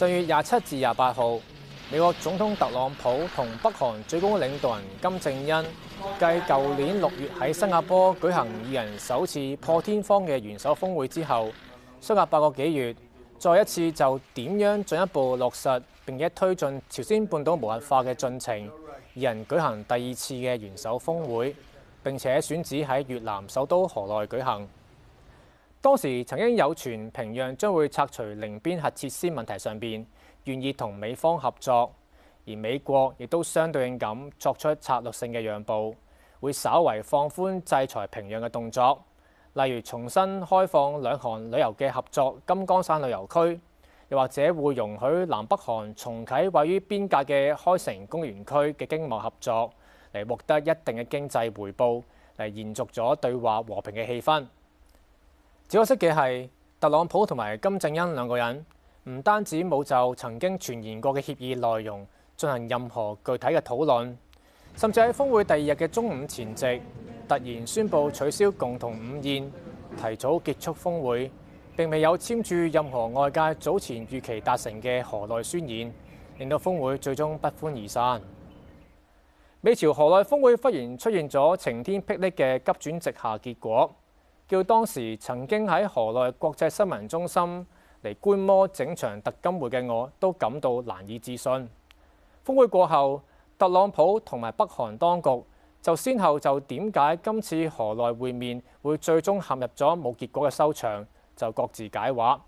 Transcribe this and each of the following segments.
上月廿七至廿八號，美國總統特朗普同北韓最高領導人金正恩，繼舊年六月喺新加坡舉行二人首次破天荒嘅元首峰會之後，相隔八個幾月，再一次就點樣進一步落實並且推進朝鮮半島無核化嘅進程，二人舉行第二次嘅元首峰會，並且選址喺越南首都河內舉行。當時曾經有傳平壤將會拆除寧邊核設施問題上面，願意同美方合作，而美國亦都相對應咁作出策略性嘅讓步，會稍為放寬制裁平壤嘅動作，例如重新開放兩韓旅遊嘅合作金剛山旅遊區，又或者會容許南北韓重啟位於邊界嘅開城公園區嘅經貿合作，嚟獲得一定嘅經濟回報，嚟延續咗對話和平嘅氣氛。只可惜嘅係特朗普同埋金正恩兩個人唔單止冇就曾經傳言過嘅協議內容進行任何具體嘅討論，甚至喺峰會第二日嘅中午前夕，突然宣佈取消共同午宴，提早結束峰會，並未有簽署任何外界早前預期達成嘅河內宣言，令到峰會最終不歡而散。美朝河內峰會忽然出現咗晴天霹靂嘅急轉直下結果。叫當時曾經喺河內國際新聞中心嚟觀摩整場特金會嘅我，都感到難以置信。峰會過後，特朗普同埋北韓當局就先後就點解今次河內會面會最終陷入咗冇結果嘅收場，就各自解話。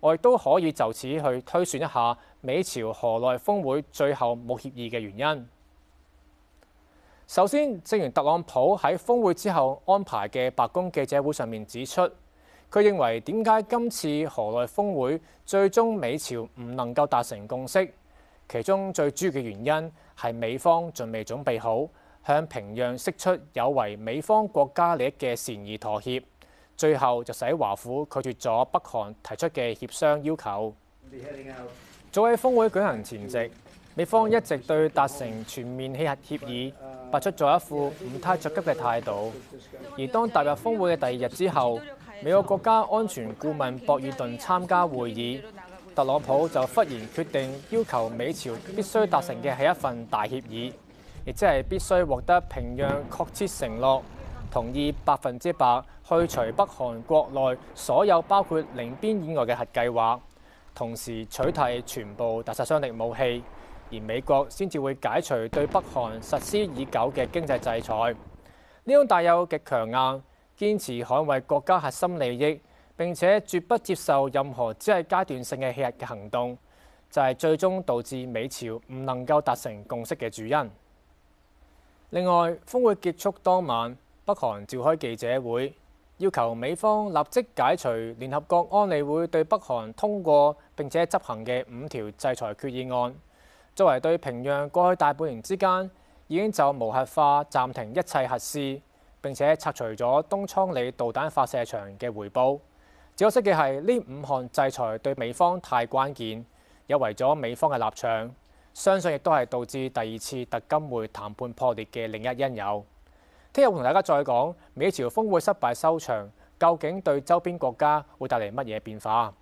我亦都可以就此去推算一下美朝河內峰會最後冇協議嘅原因。首先，正如特朗普喺峰會之後安排嘅白宮記者會上面指出，佢認為點解今次河內峰會最終美朝唔能夠達成共識，其中最主要嘅原因係美方仲未準備好向平壤釋出有違美方國家利益嘅善意妥協，最後就使華府拒絕咗北韓提出嘅協商要求。早喺峰會舉行前夕，美方一直對達成全面棄核協議發出咗一副唔太着急嘅態度，而當踏入峰會嘅第二日之後，美國國家安全顧問博爾頓參加會議，特朗普就忽然決定要求美朝必須達成嘅係一份大協議，亦即係必須獲得平壤確切承諾，同意百分之百去除北韓國內所有包括寧邊以外嘅核計劃，同時取締全部大殺傷力武器。而美國先至會解除對北韓實施已久嘅經濟制裁，呢種帶有極強硬，堅持捍衞國家核心利益，並且絕不接受任何只係階段性嘅棄核嘅行動，就係、是、最終導致美朝唔能夠達成共識嘅主因。另外，峰會結束當晚，北韓召開記者會，要求美方立即解除聯合國安理會對北韓通過並且執行嘅五條制裁決議案。作為對平壤過去大半年之間已經就無核化暫停一切核試，並且拆除咗東倉里導彈發射場嘅回報，只可惜嘅係呢五項制裁對美方太關鍵，有違咗美方嘅立場，相信亦都係導致第二次特金會談判破裂嘅另一因由。聽日會同大家再講美朝峰會失敗收場，究竟對周邊國家會帶嚟乜嘢變化？